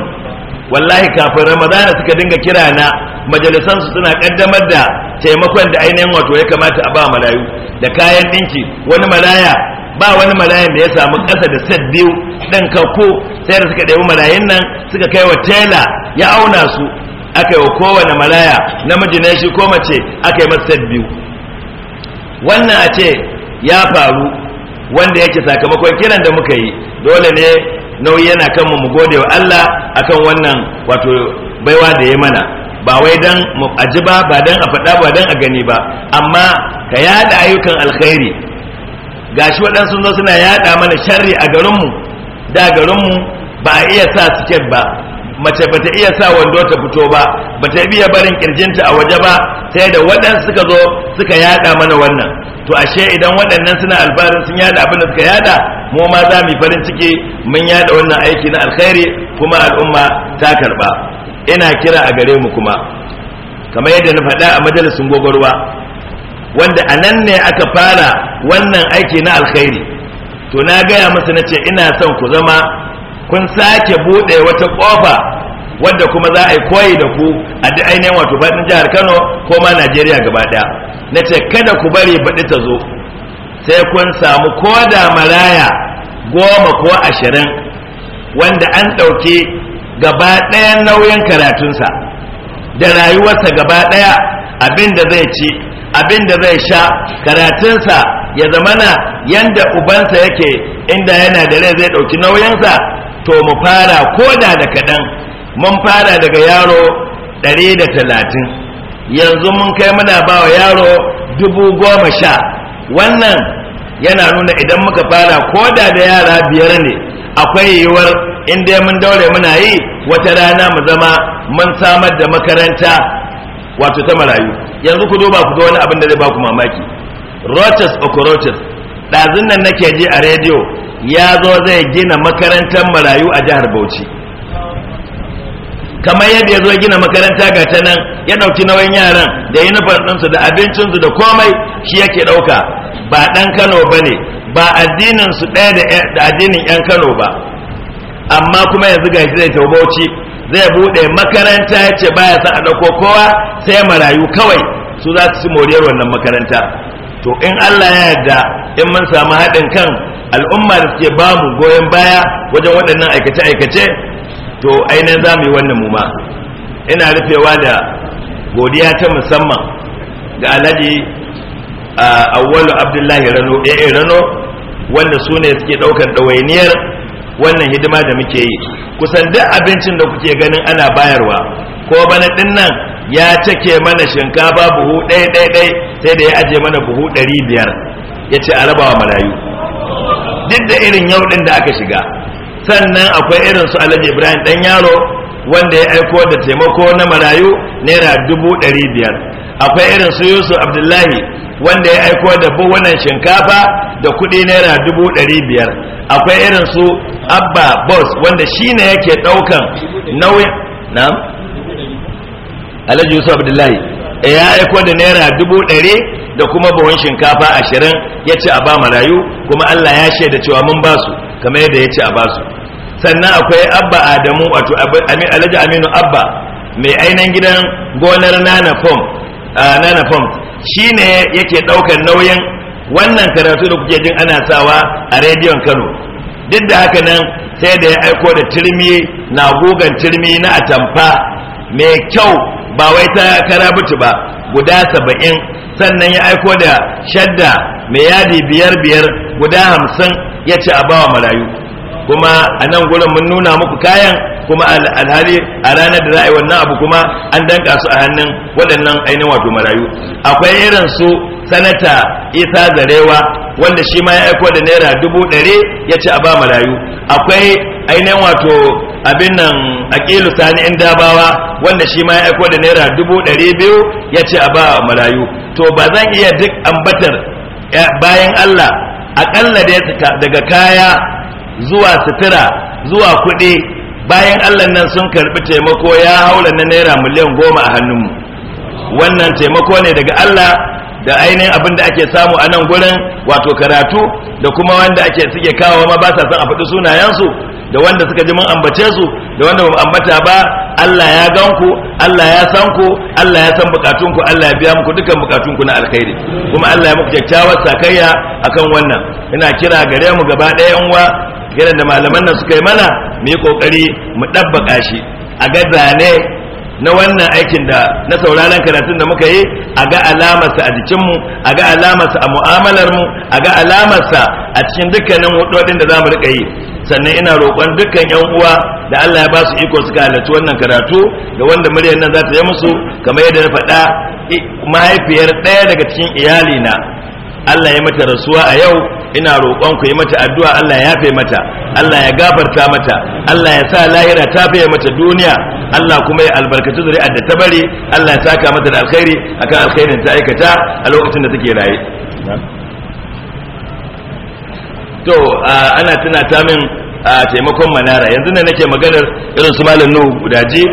wallahi kafin ramadana suka dinga kira na majalisansu suna ƙaddamar da taimakon da ainihin wato ya kamata a ba malayu da kayan ɗinki wani malaya. ba wani malayin da ya samu ƙasa da set biyu ɗan ko sai da suka ɗebi marayun nan suka kai wa tela ya auna su aka yi wa kowane malaya namiji ne shi ko mace aka yi masa set biyu wannan a ce ya faru wanda yake sakamakon kiran da muka yi dole ne nauyi yana kan mu gode wa Allah akan wannan wato baiwa da ya mana ba wai dan mu aji ba ba dan a faɗa ba dan a gani ba amma ka yada ayyukan alkhairi gashi waɗansu zo suna yaɗa mana sharri a garinmu da garinmu ba a iya sa siket ba mace bata iya sa wando ta fito ba bata iya barin kirjinta a waje ba sai da waɗansu suka zo suka yaɗa mana wannan to ashe idan waɗannan suna albarin sun yaɗa abin da suka yaɗa mu ma za mu farin ciki mun yaɗa wannan aiki na alkhairi kuma al'umma ta karɓa ina kira a gare mu kuma kamar yadda na faɗa a majalisin gogorwa wanda a nan ne aka fara wannan aiki na alkhairi to na gaya musu na ce ina son ku zama kun sake buɗe wata ƙofa wadda kuma za a yi koyi da ku a duk ainihin wato faɗin jihar kano ko ma najeriya gaba ɗaya na ce kada ku bari baɗi ta zo sai kun samu ko da maraya goma ko ashirin wanda an ɗauki gaba ɗayan nauyin karatunsa da rayuwarsa gaba ɗaya abin da zai ci abin da zai sha karatunsa ya zamana yanda ubansa yake inda yana da rai zai ɗauki nauyinsa to mu fara ko da kaɗan mun fara daga yaro ɗari da talatin yanzu mun kai muna ba wa yaro dubu sha wannan yana nuna idan muka fara ko da yara biyar ne akwai yiwuwar inda mun daure muna yi wata rana mu zama mun samar da makaranta wato ta marayu yanzu ku duba ku ga wani abin da zai ba ku mamaki Rochas Okorochas ɗazun nan nake ji a rediyo ya zo zai gina makarantar marayu a jihar Bauchi kamar yadda ya zo gina makaranta ga ta nan ya ɗauki nauyin yaran da yi ɗinsu da abincinsu da komai shi yake ɗauka ba ɗan kano ba ne ba su ɗaya da addinin 'yan kano ba amma kuma yanzu ga shi zai Bauchi. zai bude makaranta ya ce baya sa a dauko kowa sai marayu kawai su za su moriyar wannan makaranta to in Allah ya yarda in mun samu haɗin kan al'umma da suke ba mu goyon baya wajen waɗannan aikace-aikace to ainihin za mu yi wannan muma ina rufewa da godiya ta musamman ga alhaji awwalu abdullahi rano eh rano wanda su ne suke ɗaukar ɗawainiyar wannan hidima da muke yi kusan duk abincin da kuke ganin ana bayarwa ko bana din nan ya take mana shinkafa buhu ɗaya ɗaya ɗaya sai da ya aje mana buhu ɗari biyar ya ce a rabawa marayu duk da irin yau ɗin da aka shiga sannan akwai irin su alhaji ibrahim ɗan yaro wanda ya aiko da taimako na marayu naira dubu ɗari biyar akwai irin su yusuf abdullahi wanda ya aiko da buhunan shinkafa da kuɗi naira dubu ɗari biyar akwai irin su abba boss wanda shi ne yake ɗaukan nauyin na alhaji yusuf abdullahi e, ya aiko da naira dubu ɗari da kuma buhun shinkafa ashirin ya ci a ba marayu kuma allah ya shaida cewa mun ba su kamar yadda ya ci a ba su sannan akwai abba adamu wato alhaji aminu abba mai ainihin gidan gonar nana fom Shi ne yake ɗaukar nauyin wannan karatu da kuke jin ana sawa a rediyon kano duk da haka nan sai da ya aiko da turmi na gugan turmi na atamfa mai kyau ba wai ta karabutu ba guda saba'in sannan ya aiko da shadda mai yadi biyar biyar guda hamsin ya ci a bawa marayu kuma a nan gurin mun nuna muku kayan kuma alhali a ranar da za a yi wannan abu kuma an danka su a hannun waɗannan ainihin wato marayu akwai irin su sanata isa zarewa wanda shi ma ya aiko da naira dubu ɗari ya ci a ba marayu akwai ainihin wato abin nan aƙilu sani in dabawa wanda shi ma ya aiko da naira dubu ɗari biyu ya ci a ba marayu to ba zan iya duk ambatar eh, bayan allah aƙalla daga kaya zuwa sutura zuwa kuɗi bayan allah nan sun karɓi taimako ya haula na naira miliyan goma a hannunmu wannan taimako ne daga allah da ainihin abin da ake samu a nan gurin wato karatu da kuma wanda ake suke kawo ma ba sa son a faɗi sunayensu da wanda suka ji mun ambace su da wanda mun ambata ba Allah ya ganku Allah ya san ku Allah ya san bukatunku Allah ya biya muku dukan bukatunku na alkhairi kuma Allah ya muku kyakkyawar sakayya akan wannan ina kira gare mu gaba ɗaya yan kiran da malaman nan suka yi mana mu yi kokari mu ɗabbaka shi a ga zane na wannan aikin da na sauraron karatun da muka yi a ga alamarsa a jikinmu a ga alamarsa a mu'amalarmu a ga alamarsa a cikin dukkanin hudodin da za mu riƙa yi sannan ina roƙon dukkan yan uwa da Allah ya ba su iko suka halarci wannan karatu da wanda muryar nan za ta yi musu kamar yadda na faɗa mahaifiyar ɗaya daga cikin iyalina Allah ya mata rasuwa a yau ina roƙon ku yi mata addu'a Allah ya yafe mata Allah ya gafarta mata Allah ya sa lahira ta fiye mata duniya Allah kuma ya albarkaci zuri'ar da ta bari Allah ya saka mata da alkhairi akan alkhairin ta aikata a lokacin da take raye to ana tuna ta min taimakon manara yanzu ne nake maganar irin su malam nuhu ji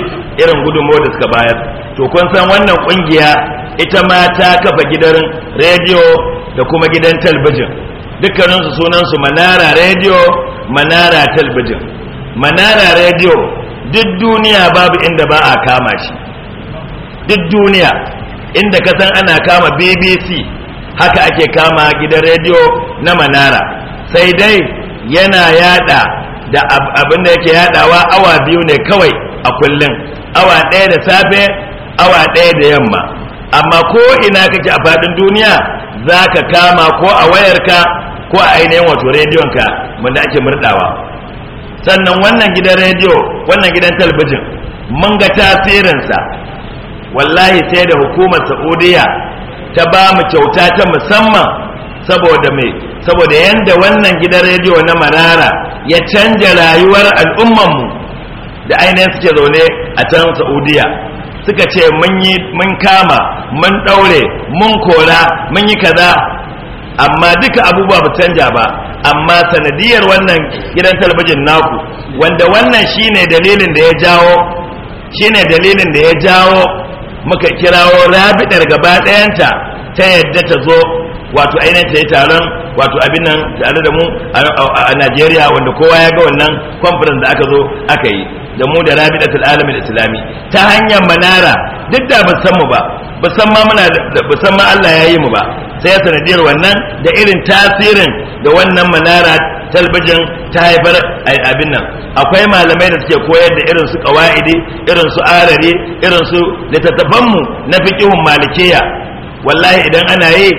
irin gudunmawar da suka bayar to kun san wannan kungiya ita ma ta kafa gidan rediyo da kuma gidan talabijin. dukkaninsu sunansu manara radio manara talbijin manara Rediyo duk duniya babu inda ba a kama shi duk duniya inda ka san ana kama bbc haka ake kama gidan rediyo na manara sai dai yana yada da abin da yake yadawa awa biyu ne kawai a kullum awa ɗaya da safe awa ɗaya da yamma amma ko ina kake a faɗin duniya za ka kama ko a wayarka ko a ainihin wato rediyon ka wanda ake murdawa sannan wannan gidan rediyo wannan gidan talbijin mun ga tasirinsa wallahi sai da hukumar saudiya ta ba mu kyauta ta musamman saboda mai saboda yadda wannan gidan rediyo na marara ya canja rayuwar al'ummanmu da ainihin suke zaune a can saudiya suka ce mun kama mun ɗaure mun kora mun yi kaza amma duka abubuwa ba canja ba amma sanadiyar wannan gidan talabijin naku wanda wannan shine dalilin da ya jawo shine dalilin da ya jawo muka kirawo rabidar gaba ɗayanta ta yadda ta zo wato ainihin ta yi taron wato abin nan tare da mu a Najeriya wanda kowa ya ga wannan conference da aka zo aka yi da mu da rabi'atul alamin islami ta hanyar manara duk da ba san mu ba ba san ma muna ba san ma Allah ya yi mu ba sai ya sanadiyar wannan da irin tasirin da wannan manara talbijin ta haifar abin nan akwai malamai da suke koyar da irin su qawaidi irin su arare irin su littattafan mu na fiqihun malikiya wallahi idan ana yi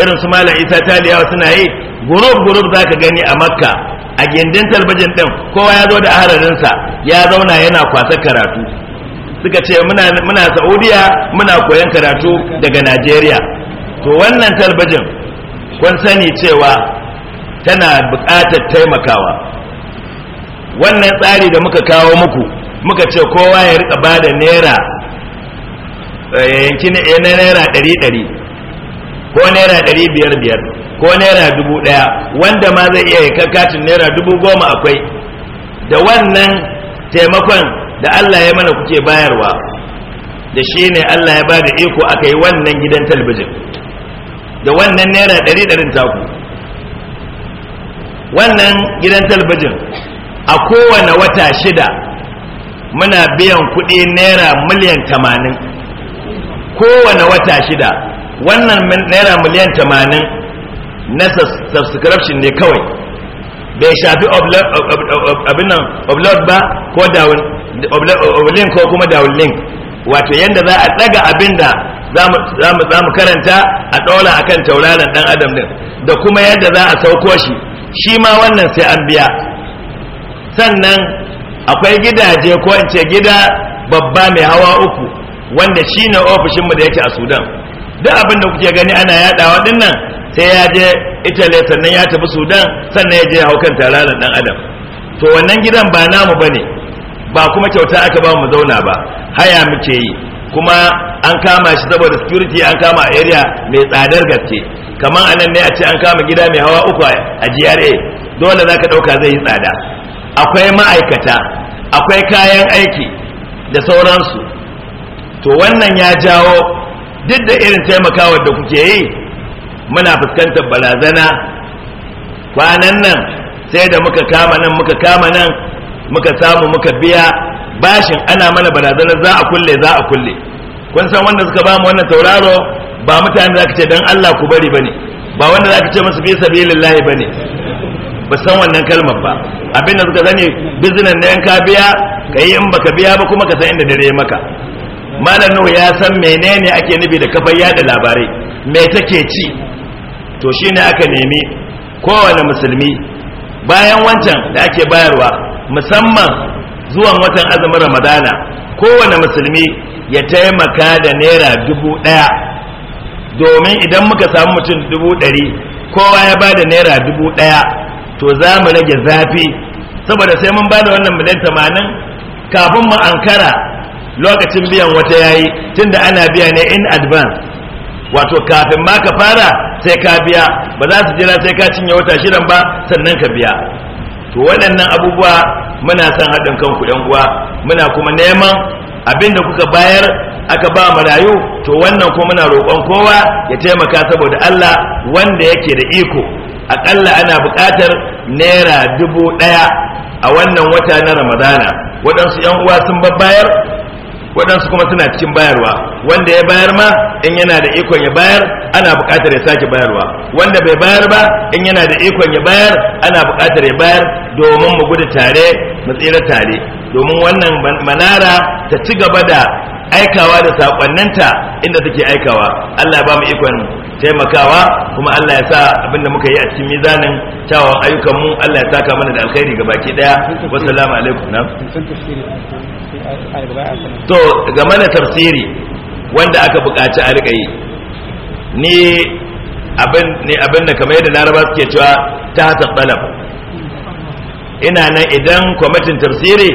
irin su malam Isa Taliyawa suna yi guruf-guruf gurub zaka gani a Makka a gindin talbijin ɗin, kowa ya zo da ahararinsa ya zauna yana kwasa karatu suka ce muna saudiya muna koyan karatu daga najeriya to wannan talbijin kun sani cewa tana buƙatar taimakawa wannan tsari da muka kawo muku muka ce kowa ya rika ba da naira eh, yanki na naira 100 ko naira 500 biyar ko naira dubu ɗaya wanda ma zai iya katin naira dubu goma akwai da wannan taimakon da Allah ya mana kuke bayarwa da shi ne Allah ya bada iko aka yi wannan gidan talbijin da wannan naira ɗari ɗarin taku wannan gidan talbijin a kowane wata shida muna biyan kuɗi naira miliyan tamanin kowane wata shida wannan naira miliyan tamanin na subscription ne kawai bai shafi abin nan upload ba ko down link ko kuma down link wato yadda za a daga abin da za mu karanta a ɗola a kan tauraron dan adam ɗin da kuma yadda za a sauko shi shi ma wannan sai an biya sannan akwai gidaje ko in ce gida babba mai hawa uku wanda shi ne ofishinmu da yake a sudan duk abinda kuke gani ana yaɗawa dinnan nan sai ya je italy sannan ya tafi sudan sannan ya je haukan tararin dan adam to wannan gidan ba namu ba ba kuma kyauta aka ba mu zauna ba haya muke yi kuma an kama shi saboda security an kama area mai tsadar gaske kamar anan ne a ce an kama gida mai hawa uku a GRA dole zaka ɗauka zai yi tsada akwai ma'aikata akwai kayan aiki da sauransu to wannan ya jawo duk da irin taimakawar da kuke yi muna fuskantar barazana kwanan nan sai da muka kama nan muka kama nan muka samu muka biya bashin ana mana barazana za a kulle za a kulle kun san wanda suka ba mu wannan tauraro ba mutane za ka ce dan Allah ku bari bane ba wanda za ka ce masu fi sabilillahi bane ba san wannan kalmar ba abinda suka zane bizinan na yanka biya ka in baka biya ba kuma ka san inda dare maka malam nuhu ya san menene ake nufi da kafar yada labarai me take ci to shi ne aka nemi kowane musulmi bayan wancan da ake bayarwa musamman zuwan watan azumin ramadana kowane musulmi ya taimaka da naira dubu ɗaya domin idan muka samu mutum dubu ɗari kowa ya ba da naira dubu ɗaya to za mu rage zafi saboda sai mun ba da wannan miliyan tamanin kafin mu ankara lokacin biyan wata yayi tunda ana biya ne in advance wato kafin ma ka fara sai ka biya ba za su jira sai ka cinye wata shidan ba sannan ka biya to waɗannan abubuwa muna son haɗin kanku ɗan uwa muna kuma neman abin da kuka bayar aka ba marayu to wannan kuma muna roƙon kowa ya taimaka saboda Allah wanda yake da iko aƙalla ana buƙatar naira dubu ɗaya a wannan wata na ramadana waɗansu 'yan uwa sun bayar? waɗansu kuma suna cikin bayarwa wanda ya bayar ma in yana da ikon ya bayar ana buƙatar ya sake bayarwa wanda bai bayar ba in yana da ikon ya bayar ana buƙatar ya bayar domin mu gudu tare mu tsira tare domin wannan manara ta ci gaba da aikawa da sakonninta inda take aikawa Allah ba mu ikon taimakawa kuma Allah ya sa abinda muka yi a cikin mizanin cewa ayyukan mu Allah ya saka mana da alkhairi baki daya wassalamu alaikum na to ga mana tafsiri wanda aka buƙaci a rika yi ni abin ni abin da kamar yadda laraba suke cewa ta hasa talab ina nan idan kwamitin tafsiri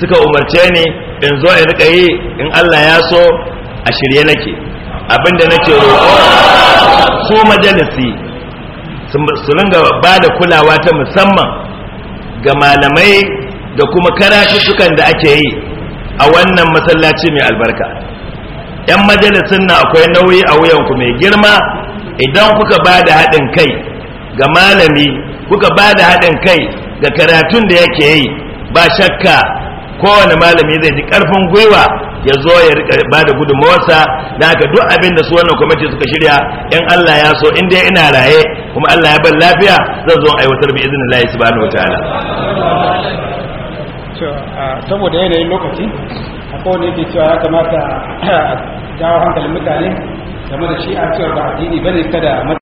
suka umarce ni in zo in rika yi in Allah ya so a shirye nake abinda nake roƙo su majalisi su ringa ba da kulawa ta musamman ga malamai da kuma karatuttukan da ake yi a wannan masallaci mai albarka yan majalisun na akwai nauyi a wuyanku mai girma idan kuka ba da haɗin kai ga malami kuka ba da haɗin kai ga karatun da yake yi ba shakka kowane malami zai ji karfin gwiwa ya zo ya rika ba da gudunmawarsa da haka duk abin da su wannan kwamiti suka shirya in Allah ya so in dai ina raye kuma Allah ya bar lafiya zan zo aiwatar bi izinin Allah subhanahu wataala saboda yanayin lokaci akwai wani yake cewa ya kamata a jawo hankalin mutane game da shi a cewa ba addini bane kada